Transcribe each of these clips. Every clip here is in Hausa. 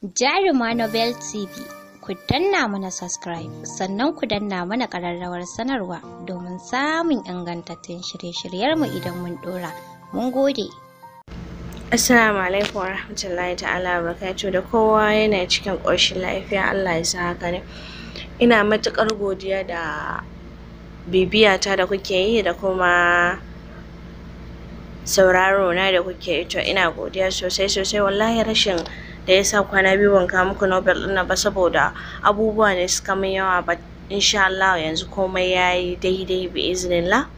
Jaruma Nobel TV. Ku danna mana subscribe sannan ku danna mana kararrawar sanarwa domin samun ingantattun shirye-shiryarmu idan mun ɗora. Mun gode. Assalamu alaikum warahmatullahi ta'ala barakatuh da kowa yana cikin ƙoshin lafiya Allah ya sa haka ne. Ina matuƙar godiya da bibiyata da kuke yi da kuma sauraro na da kuke ito ina godiya sosai sosai wallahi rashin da ya sa kwana biyu ban kawo muku Nobel ɗin nan ba saboda abubuwa ne suka min yawa ba insha Allah yanzu komai ya yi daidai bi iznillah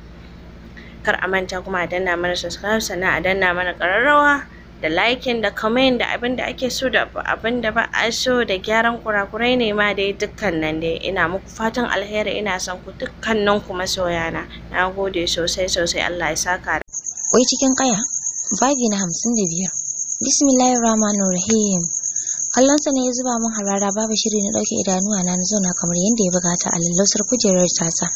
kar a manta kuma a danna mana subscribe sannan a danna mana ƙararrawa da liking da comment da abin da ake so da abin da ba a so da gyaran kurakurai ne ma dai dukkan nan dai ina muku fatan alheri ina son ku nan ku masoyana na gode sosai sosai Allah ya saka wai cikin ƙaya babi na hamsin da biyar bismillahir rahmanir rahim ne ya zuba min harara babu shiri na dauke idanuwa na na kamar yadda ya bugata a lallausar kujerar tasa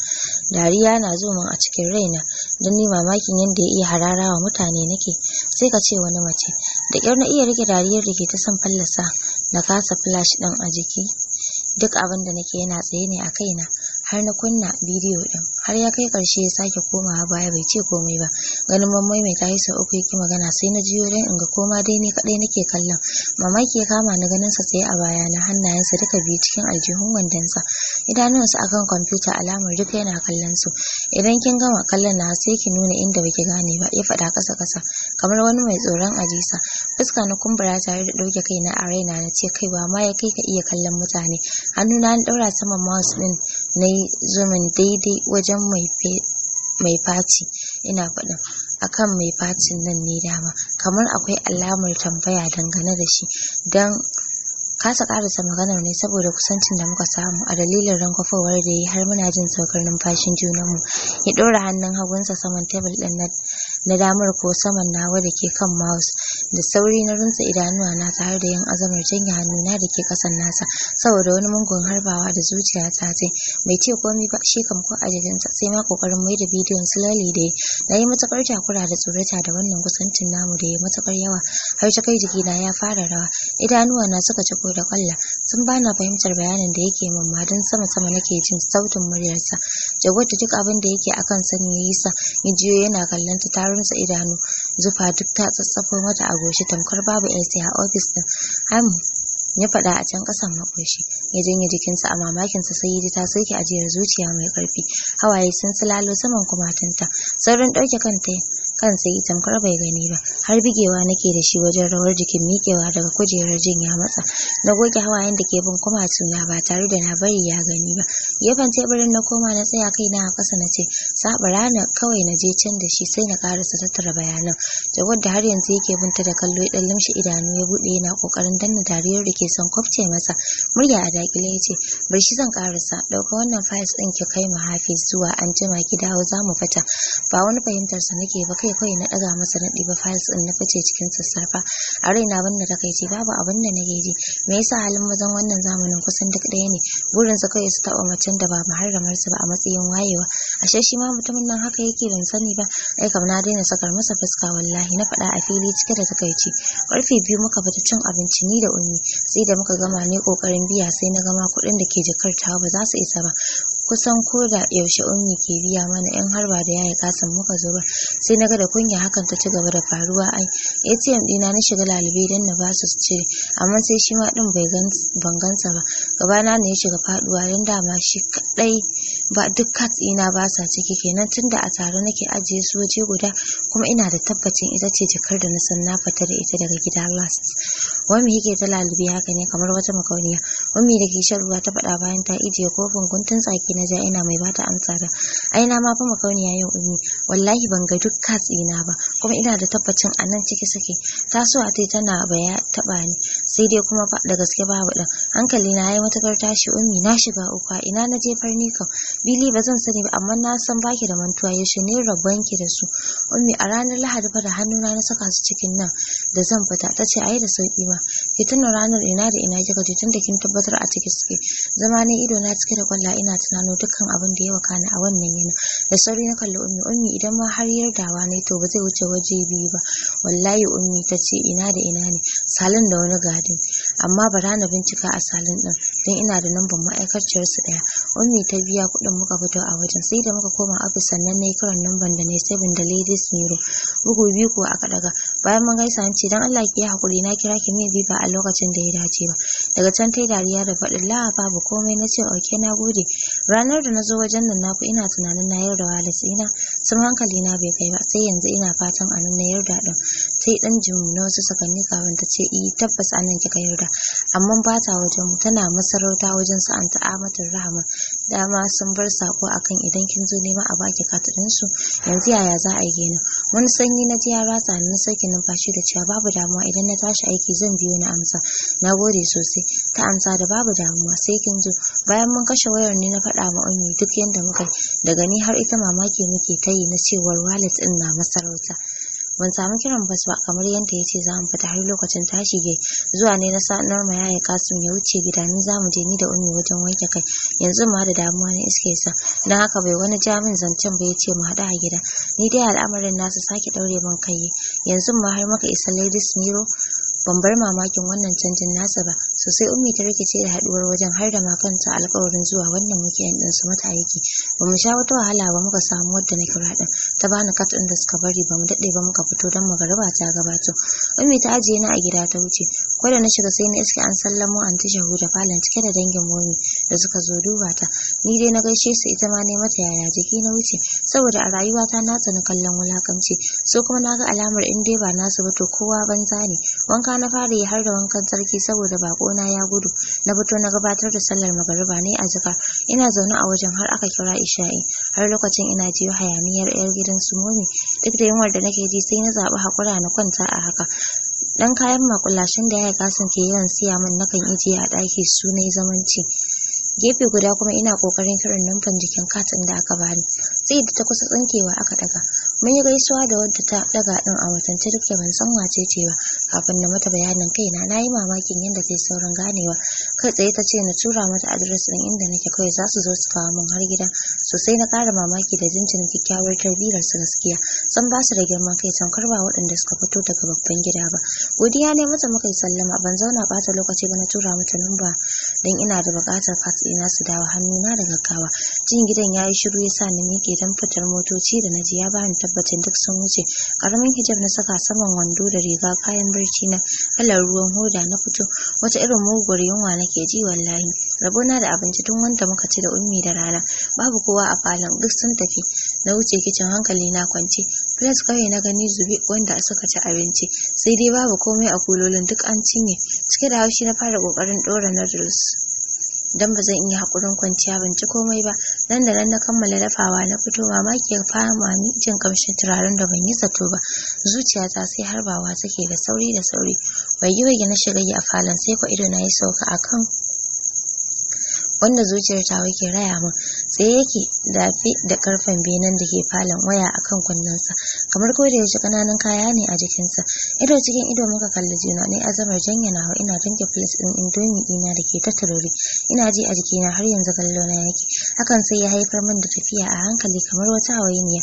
dariya na zo min a cikin raina don ni mamakin yadda ya iya harara wa mutane nake sai ka ce wani mace da ƙyar na iya rike dariyar da ke ta son fallasa na kasa flash ɗin a jiki duk abin da nake yana tsaye ne a kaina har na kunna bidiyo din har ya kai karshe ya sake komawa baya bai ce komai ba ganin ban ta yi sau uku yake magana sai na jiyo dan in ga koma dai ni kadai nake kallon mamaki ya kama ni ganin sa tsaye a baya na hannayensa duka biyu cikin aljihun wandonsa idanunsa akan kwamfuta alamar duka yana kallon su idan kin gama kallon na sai ki nuna inda baki gane ba ya faɗa kasa kasa kamar wani mai tsoron ajisa fuska na kumbura tare da ɗauke kaina a raina na ce kaiwa ma ya kai ka iya kallon mutane hannuna na ɗaura saman mouse ɗin na yi zumin daidai wajen mai faci ina faɗin akan mai facin nan ne dama kamar akwai alamar tambaya dangane da shi don kasa karasa maganar ne saboda kusancin da muka samu a dalilin rankwafowar da ya yi har muna jin saukar numfashin junanmu ya ɗora hannun hagunsa saman tebul ɗin na na damar ko saman nawa da ke kan mouse da sauri na runtse idanuwa na tare da yin azamar janye hannuna da ke kasan nasa saboda wani mungun harbawa da zuciya ta ce bai ce komai ba shi kam ko ajajinta sai ma kokarin mai da bidiyon su lali da na yi matakar takura da tsorata da wannan kusancin namu da ya matakar yawa har ta kai jikina ya fara rawa idanuwa na suka ciko da kwalla sun bana fahimtar bayanin da yake mamma don sama sama nake jin sautin muryarsa jagwata duk abin da yake akan sani ya yi yana kallon ta masa idanu zufa duk ta tsatsafo mata a goshi tamkar babu AC a ofis din am ya faɗa a can ƙasan makoshi ya janye jikinsa a mamakin sa sai ta soke ajiyar zuciya mai karfi hawaye sun silalo saman kumatunta saurin ɗauke kanta kansa yi tamkar bai gani ba har bigewa nake da shi wajen rawar jikin miƙewa daga kujerar jin ya matsa na goge hawayen da ke bin kumatuna ba tare da na bari ya gani ba gefen teburin na koma na tsaya na a kasa na ce saɓa rana kawai na je can da shi sai na karasa tattara bayanan jawar da har yanzu yake binta da kallo ya limshi idanu ya buɗe yana kokarin danna dariyar da ke son kwafce masa murya a dakile ya ce bar shi zan karasa dauka wannan fayas ɗin ki kai mu hafi zuwa an jima ki dawo za mu fita ba wani fahimtarsa nake ba kai kawai na ɗaga masa na ba files ɗin na fice cikin sassafa a raina banda takaici babu abin da nake ji me yasa halin mazan wannan zamanin kusan duk ɗaya ne burin su kawai su taɓa macen da ba muharramar su ba a matsayin wayewa ashe shi ma mutumin nan haka yake ban sani ba ai kam na daina sakar masa fuska wallahi na faɗa a fili cike da takaici ƙarfe biyu muka fita cin abinci ni da ummi sai da muka gama ne ƙoƙarin biya sai na gama kuɗin da ke jakar tawa ba za su isa ba kusan ko da yaushe ummi ke biya mana in har ba da yayi kasan muka zo ba sai ga da kunya hakan ta ci gaba da faruwa ai ATM dina na shiga lalube dan na ba su cire amma sai shi ma din bai ban gansa ba gabana ne ya shiga faduwa dan dama shi kadai ba duk kat ina ba sa ciki kenan tunda a tare nake ajiye su waje guda kuma ina da tabbacin ita ce jakar da na san na fita da ita daga gida last wami yake ta lalube haka ne kamar wata makauniya Ummi da ke shan ruwa ta faɗa bayan ta ijiye kofin guntun tsaki na ja ina mai bata amsa da ai na ma fa makauniya yin ummi wallahi ban ga duk katsina ba kuma ina da tabbacin a nan ciki sake a tai tana baya taɓa ni sai dai kuma fa da gaske babu dan. hankali na yayi matakar tashi ummi na shiga uku ina na jefar ni bili ba zan sani ba amma na san baki da mantuwa yaushe ne banki da su ummi a ranar lahadi fa da hannuna na saka su cikin nan da zan fita tace ai da sauki ma rigima tuna ranar ina da ina kika je da kin tabbatar a ciki suke zama ne ido na cike da kwalla ina tunano dukkan abin da ya waka ni a wannan yana da sauri na kalli ummi ummi idan ma har yardawa ne to ba zai wuce waje biyu ba wallahi ummi ta ce ina da ina ne salon da wani gadin amma ba rana bincika a salon din don ina da namban ma'aikaciyar su daya ummi ta biya kuɗin muka fito a wajen sai da muka koma ofis sannan na yi kiran numban da na 7 da ladies miro bugu biyu ko aka daga bayan mun gaisa an ce dan Allah ki yi hakuri na kira ki me ne bi ba a lokacin da ya dace ba daga can tai dariya da faɗin la babu komai na ce oke na gode ranar da na zo wajen nan naku ina tunanin na yarda wa ina sun hankali na bai kai ba sai yanzu ina fatan a nan na yarda din sai dan jimu na wasu sakanni kafin ta ce i e, tabbas a nan kika yarda amma ba ta wajen mu tana masarauta wajen sa'an an ta'amatar rahama dama sun bar sako akan idan kin zo nema a baki katadin su yanzu yaya za a yi kenan wani sanyi na ji ya ratsa ni na sauke numfashi da cewa babu damuwa idan na tashi aiki zan biyu na amsa na gode sosai ta amsa da babu damuwa sai kin zo bayan mun kashe wayar ne na faɗa ma ummi duk yanda muka yi daga ni har ita mamaki muke ta yi na cewar wallet ɗin na masarauta ban samu kiran bas ba kamar yadda yace za mu fita har lokacin tashi gai zuwa ne na sanar ma ya yi kasum ya wuce gida ni za mu je ni da Ummi wajen wanke kai yanzu ma da damuwa na iske sa dan haka bai wani jamin zancen ba ya ce mu haɗu a gida ni dai al'amarin nasu sake ɗaure man kai yanzu ma har muka isa Ladies Miro ban bar mamakin wannan canjin nasa ba sosai ummi ta rikice da haduwar wajen har da ma alƙawarin zuwa wannan weekend din su mata aiki ba mu sha wata wahala ba muka samu wadda na kira din ta bani kat ɗin da suka bari ba mu dade ba muka fito dan magaraba ta gabato ummi ta ajiye ni a gida ta wuce ko da na shiga sai na iske an sallamo an ta shahu da falon cike da dangin momi da suka zo duba ta ni dai na gaishe su ita ma ne mata yaya jiki na wuce saboda a rayuwata na tsani kallon wulakanci so kuma na ga alamar in dai ba nasu ba to kowa banza ne wanka na fara yi har da wankan tsarki saboda na ya gudu na fito na gabatar da sallar magariba ne a jikar ina zaune a wajen har aka kira isha'i har lokacin ina jiyo hayaniyar yar gidan su momi duk da yunwar da nake ji sai na zaɓi hakura na kwanta a haka dan kayan makulashin da ya kasan ke yawan siya min nakan ijiye a ɗaki su ne zamanci gefe guda kuma ina kokarin kiran numfan jikin katin da aka bani sai da ta kusa tsinkewa aka daga mun yi gaisuwa da wadda ta daga din a watan duk ban san wace ce ba kafin na mata bayanin kaina na yi mamakin yadda ta yi saurin ganewa kai tsaye ta ce na tura mata adres ɗin inda nake kawai za su zo su kawo mun har gida sosai na ƙara mamaki da jinjin kyakkyawar tarbiyyar su gaskiya san ba su da girma kai san ba waɗanda suka fito daga babban gida ba godiya ne mata muka yi sallama ban zauna ɓata lokaci ba na tura mata namba dan ina da buƙatar fax ina su dawo hannu na da gaggawa jin gidan yayi shiru ya sa na miƙe don fitar motoci da naji ya bani tabbacin duk sun wuce Karamin hijab na saka saman wando da riga kayan barci na kalar ruwan hoda na fito wata irin muguwar yunwa nake ji wallahi rabona da abinci tun wanda muka ci da ummi da rana babu kowa a falon duk sun tafi na wuce kicin hankali na kwance plus kawai na gani zube wanda suka ci abinci sai dai babu komai a kulolin duk an cinye cike da haushi na fara kokarin dora noodles dan ba zan iya hakurin kwanciya ban ci komai ba nan da nan na kammala dafawa na fito mamaki ya fama ni jin kamshin turaren da ban yi zato ba zuciyata sai harbawa take da sauri da sauri yi wa na shiga a falon sai ko ido na yi sauka akan wanda zuciyar tawa ke raya min tsaye yake dafe da karfen benen da ke falon waya akan kunnensa kamar ko da yaushe kananan kaya ne a jikinsa ido cikin ido muka kalli juna ne azamar janyana hawa ina rinke filis din indomi dina da ke tattarori ina ji a jikina har yanzu kallo na yake hakan sai ya haifar min da tafiya a hankali kamar wata hawainiya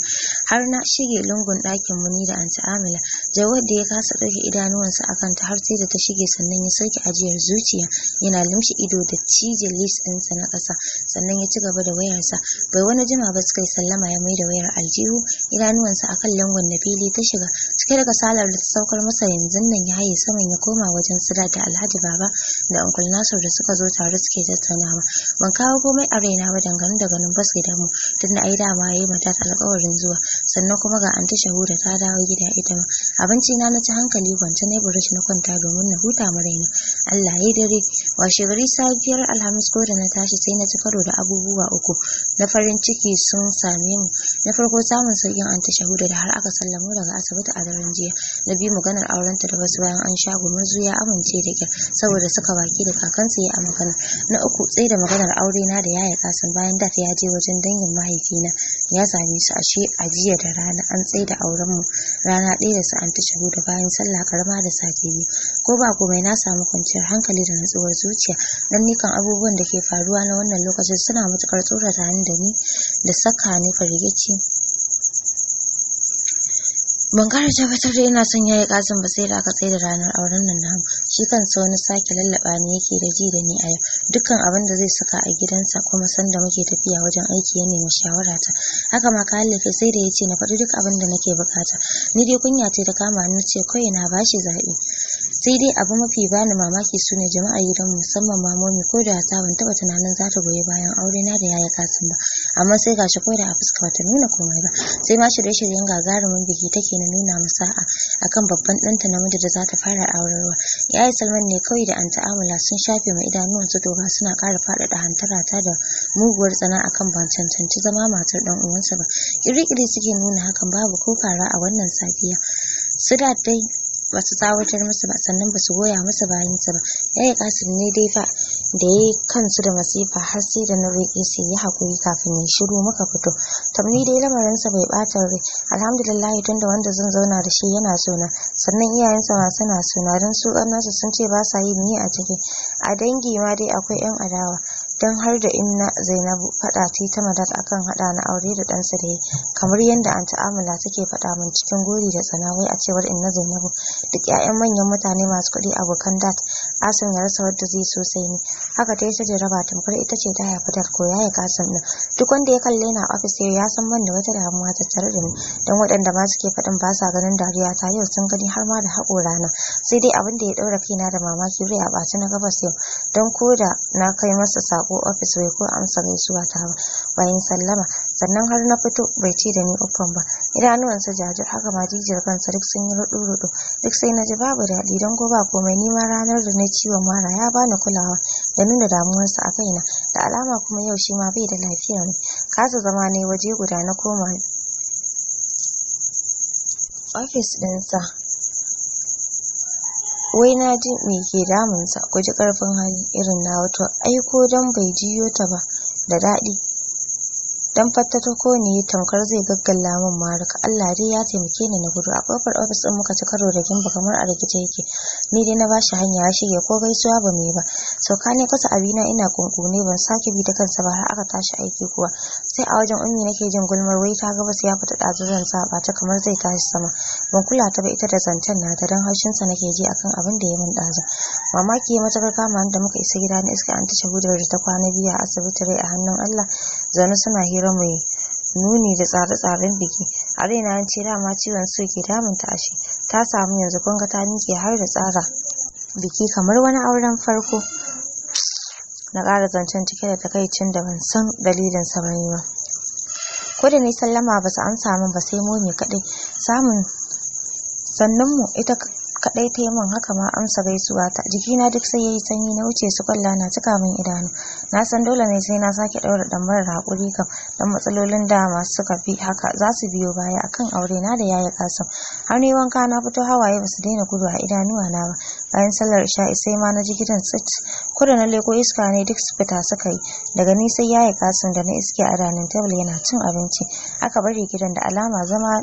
har na shige lungun ɗakin mu ni da anti amila jawad da ya kasa ɗauke idanuwansa akan ta har sai da ta shige sannan ya sauke ajiyar zuciya yana limshi ido da cijin lips ɗinsa na ƙasa sannan ya ci gaba da wayar sa bai wani jima ba suka yi sallama ya mai da wayar aljihu idanuwansa a kan langon na fili ta shiga cike da kasalar da ta saukar masa yanzu nan ya haye saman ya koma wajen sira da alhaji baba da uncle nasir da suka zo tare suke tattaunawa ban kawo komai a raina ba dangane da ganin basu gidanmu tunda ai dama ya yi mata alkawarin zuwa sannan kuma ga an tasha shahuda ta dawo gida ita ma abinci na na ci hankali kwance na burush na kwanta domin na huta mu raina Allah ya dare washe gari safiyar alhamis ko da na tashi sai na ci karo da abubuwa uku na farin ciki sun same mu na farko samun saukin anta shahuda da har aka sallamo daga asibiti a daren jiya na biyu maganar aurenta da wasu bayan an sha gumurzu ya amince da kyar saboda suka baki da kakansu ya a magana na uku tsaye da maganar aure na da yaya kasan bayan da ya je wajen dangin mahaifina ya same su ashe a jiya da rana an tsaye da aurenmu rana ɗaya da su anta shahuda bayan sallah karama da sati biyu ko ba komai na samu kwanciyar hankali da natsuwar zuciya don nikan abubuwan da ke faruwa na wannan lokacin suna matukar tsorata ni da ni da saka ni firgici ban kara tabbatar da ina son yayi kasin ba sai da aka tsaye da ranar auren nan namu shi kansa wani sake lallaba ne yake da ji da ni a yau dukkan abin da zai saka a gidansa kuma sanda muke tafiya wajen aiki ya nemi shawara ta haka ma ka halle sai da ya ce na faɗi duk abin da nake bukata ni dai kunya ce ta kama ni ce kawai na bashi zaɓi sai dai abu mafi bani mamaki su ne jama'a gidan musamman mamomi ko da ta ban taba tunanin za ta goyi bayan aure na da yaya kasin ba amma sai gashi ko da a fuska bata nuna komai ba sai ma shirye-shiryen gagarumin biki take na nuna musa'a akan babban ɗanta namiji da za ta fara aurarwa yayi salman ne kawai da an ta'amula sun shafe ma idanuwansu ba suna ƙara faɗaɗa hantarata da muguwar tsana akan ban cancanci zama matar dan uwansa ba kiri-kiri suke nuna hakan babu ko kara a wannan safiya su da dai ba su tsawatar masa ba sannan ba su goya masa bayansa ba yaya kasim ne dai fa da ya kansu da masifa har sai da na roƙe su yi hakuri kafin ya shiru muka fito tamni dai lamarinsa bai bata rai alhamdulillah tun da wanda zan zauna da shi yana suna sannan iyayensa ma suna suna don su nasu sun ce ba sa yi ni a ciki a dangi ma dai akwai 'yan adawa don har da inna zainabu faɗa ta ta madat akan haɗa na aure da ɗansa da yi kamar yadda an ta'amala take faɗa min cikin gori da tsanawai a cewar inna zainabu duk 'ya'yan manyan mutane masu kuɗi abokan dat Asim ya rasa wadda zai so sai ni haka ta yi sa jaraba tamkar ita ce ta haifi koya ya kasan nan. duk wanda ya kalle na ofis yau ya san ban da wata damuwa ta tare da ni dan waɗanda ma suke faɗin ba sa ganin dariya ta yau sun gani har ma da haƙo na sai dai abin da ya ɗaura kaina da mamaki rai a ɓaci na gabas yau don ko da na kai masa sako ofis bai ko amsa gaisuwa ta ba bayan sallama sannan har na fito bai ce da ni uffan ba idanuwansa jajir haka ma jijiyar kansa duk sun yi rudu rudu duk sai na ji babu daɗi don ko ba komai nima ranar da na ciwon mara ya bani kulawa da nuna damuwarsa a kaina da alama kuma yau shi ma bai da lafiya ne kasa zama ne waje guda na koma ofis ɗinsa wai na ji me ke damunsa ku ji ƙarfin hali irin na wato aiko don bai jiyo ta ba da daɗi dan fattato ko ne tamkar zai gaggalla min maruka. Allah dai ya taimake ni na gudu a kofar ofis din muka ci karo da gimba kamar a rigice yake ni dai na bashi hanya ya shige ko gaisuwa ba me ba sauka ne kasa abina ina kunkune ban sake bi da kansa ba har aka tashi aiki kuwa sai a wajen ummi nake jin gulmar wai ta gabas ya fita dazu zan saba ta kamar zai tashi sama ban kula ta ba ita da zancen na ta dan haushinsa nake ji akan abin da ya min daza mamaki mata ga kama da muka isa gida ne iska an tace gudar da ta kwana biya asibiti rai a hannun Allah zaune suna hira hira mai nuni da tsare-tsaren biki a raina an ce dama ciwon so ke ta ashe ta samu yanzu kun ga ta miƙe har da tsara biki kamar wani auren farko na ƙara zancen cike da takaicin da ban san dalilin sa bane ba ko da ni sallama ba su amsa min ba sai momi kaɗai samun mu ita kaɗai ta yi min haka ma amsa gaisuwa ta jikina duk sai yayi sanyi na wuce su kwalla na cika min idanu na san dole ne sai na sake ɗaura ɗambar haƙuri kam dan matsalolin da masu suka fi haka za su biyo baya akan aure na da yayi kasam har ni wanka na fito hawaye ba su daina gudu a idanuwa na ba bayan sallar sha'i, sai ma na ji gidan tsit kuda na leko iska ne duk su fita suka yi daga ni sai yayi ƙasam da na iske a danin tebul yana cin abinci aka bari gidan da alama zama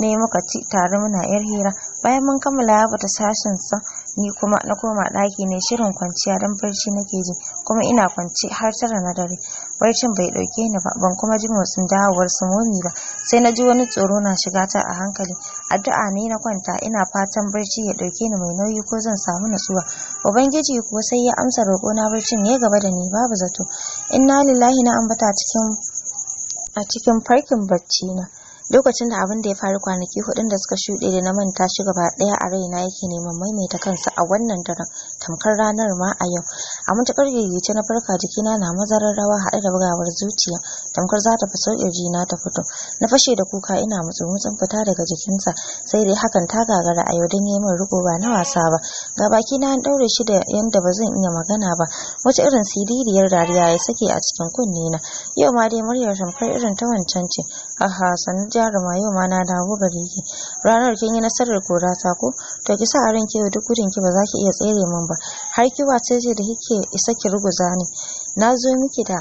ne muka ci tare muna yar hira bayan mun kammala ya bata sashin sa ni kuma na koma daki ne shirin kwanciya dan barci nake ji kuma ina kwance har tara na dare barcin bai ɗauke ni ba ban kuma ji motsin dawowar su momi ba sai na ji wani tsoro na shiga ta a hankali addu'a ne na kwanta ina fatan barci ya ɗauke ni mai nauyi ko zan samu natsuwa ubangiji kuwa sai ya amsa roƙona barcin ya gaba da ni babu zato inna lillahi na ambata cikin a cikin farkin barci na lokacin da abin da ya faru kwanaki hudun da suka shuɗe da na manta shi gaba ɗaya a raina yake neman maimaita kansa a wannan daren tamkar ranar ma a yau a matuƙar yayyace na farka jikina na mazarar rawa haɗe da bugawar zuciya tamkar za ta fi sauƙin jina ta fito na fashe da kuka ina mutsun fita daga jikinsa sai dai hakan ta gagara a yau don yi min riko ba na wasa ba ga baki na an ɗaure shi da yanda ba zan iya magana ba wata irin siririyar dariya ya sake a cikin kunne na yau ma dai muryar tamkar irin ta wancan ce aha sannu jaruma yau ma na dawo gare ki ranar kin yi nasarar kora ta ko to ki sa a ranki yau duk gudun ki ba za ki iya tsere min ba har ki sai ce da kike isa ki ruguza ni na zo miki da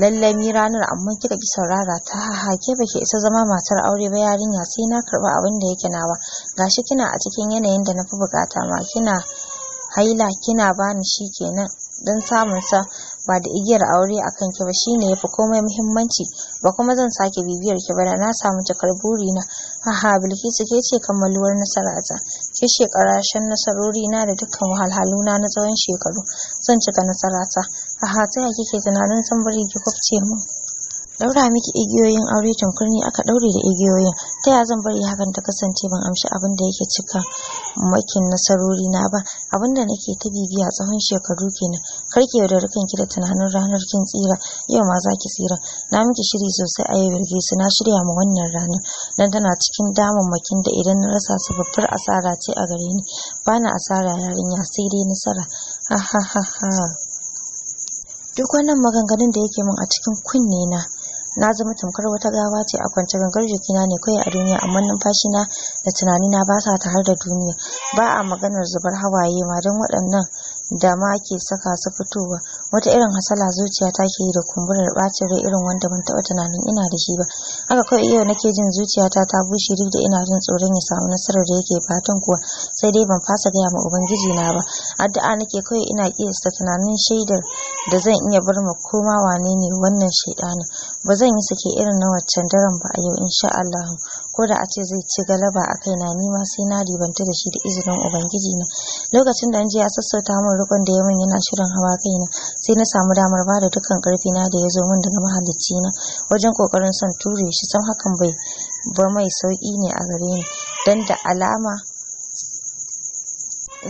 lallami ranar amma kika ki saurara ta ba baki isa zama matar aure ba yarinya sai na karba abin da yake nawa gashi kina a cikin yanayin da na fi bukata ma kina haila kina bani shi kenan don samun sa ba da igiyar aure a ki ba shine yafi komai muhimmanci ba kuma zan sake bibiyar ki ba da na samu cikar buri na haha bilkisu ke ce kammaluwar nasarata ke shekara shan nasarori na da dukkan wahalhalu na na tsawon shekaru zan cika nasarata haha ta kike tunanin zan bari ki kwafce mu daura miki igiyoyin aure tunkurni aka daure da igiyoyin ta ya zan bari hakan ta kasance ban amshi abin da yake cika makin nasarori na ba abin da nake ta bibiya tsawon shekaru kenan karki yaudari kanki da tunanin ranar kin tsira yau ma zaki tsira na miki shiri sosai a yau birge su na shirya ma wannan rana dan tana cikin makin da idan na rasa su babbar asara ce a gare ni bana asara yarinya sai dai nasara ha ha ha ha duk wannan maganganun da yake min a cikin kunne na na zama tamkar wata gawa ce a kwance gangar jikina ne kawai a duniya amma na da tunanina ba sa tare da duniya ba a maganar zubar hawaye ma don waɗannan da ma ke saka su fitowa wata irin hasala zuciya ta ke yi da kumburar bacin rai irin wanda ban taba tunanin ina da shi ba haka kawai yau nake jin zuciyata ta bushe duk da ina jin tsoron ya samu nasarar da yake fatan kuwa sai dai ban fasa gaya ma ubangiji na ba addu'a nake kawai ina kiyasta tunanin shaidar da zan iya bar ma koma wane ne wannan shaidanin ba zan yi sake irin na waccan daren ba a yau insha Allah ko da a ce zai ci galaba a kaina ni ma sai na ribanta da shi da izinin ubangiji na lokacin da an je ya sassauta min rukun da ya min yana shirin hawa kaina sai na samu damar ba da dukkan karfi na da ya zo min daga mahalicci na wajen kokarin son ture shi san hakan bai ba mai sauki ne a gare ni dan da alama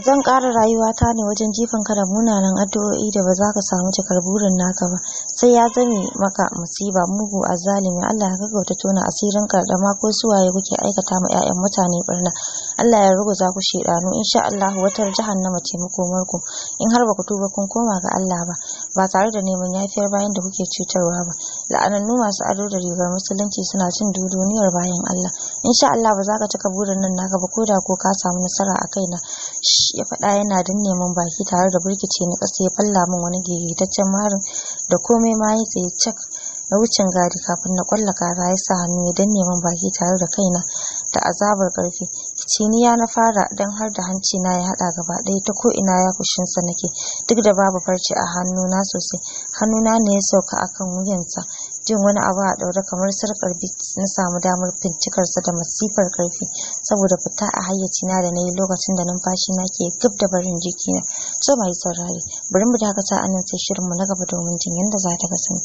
zan ƙara rayuwata ne wajen ka da munanan addu'o'i da ba za ka samu cikar burin naka ba sai ya zame maka musiba mugu a zalimi Allah ya gaggauta tona asirin kardama ko suwaye kuke aikata ma 'ya'yan mutane barna Allah ya ruguza ku shedanu insha Allah watar jahannama ce makomarku in har ba ku tuba kun koma ga Allah ba ba tare da neman yafiyar bayan da kuke cutarwa ba la'anannu masu ado da rigar musulunci suna cin duduniyar bayan Allah insha Allah ba za ka cika burin nan naka ba ko da ko ka samu nasara a kaina ya faɗa yana danne min baki tare da burkice ni ƙasa ya falla min wani gegetaccen marin da komai ma ya tsaye cak na wucin gadi kafin na kwalla kara ya sa hannu ya danne neman baki tare da kaina da azabar karfi ciniya na fara dan har da hanci na ya hada gaba ɗaya ta ko ina ya kushinsa nake duk da babu farce a hannu na sosai hannuna ne ya sauka akan wuyansa jin wani abu a daure kamar sarkar bit na samu damar sa da masifar karfi saboda fita a hayyaci na da nayi lokacin da numfashi na ke gab da barin jikina so mai saurari bari mu dakata a nan sai mu na gaba domin jin yadda za ta kasance